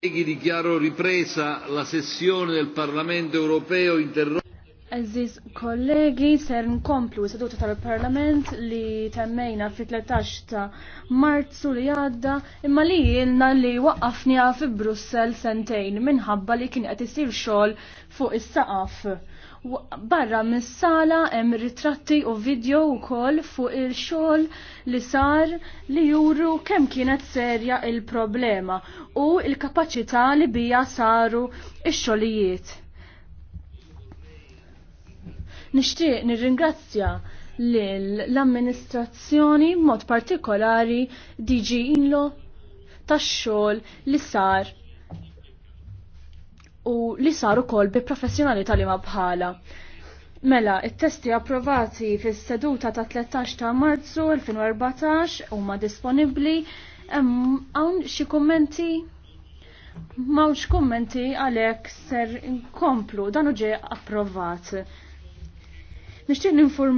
Colleghi, dichiaro ripresa la sessione del Parlamento europeo interrotta. Aziz kollegi, ser nkomplu seduta tal-Parlament li temmejna fi 13 ta' Marzu li għadda, imma li jilna li waqqafni fi Brussel sentejn minħabba li kien qed isir xogħol fuq is-saqaf. Barra mis-sala hemm ritratti u video wkoll fuq il-xogħol li sar li juru kemm kienet serja il-problema u il-kapaċità li bija saru ix-xogħlijiet Nixtieq nirringrazzja l-amministrazzjoni mod partikolari DG Inlo tax-xogħol li sar u li sar ukoll bi professjonali tal-ima bħala. Mela, it-testi approvati fis-seduta ta' 13 ta' Marzu 2014 huma disponibbli hawn xi kummenti Mawx kummenti għalhekk ser nkomplu dan ġie approvat nishtiq ninforma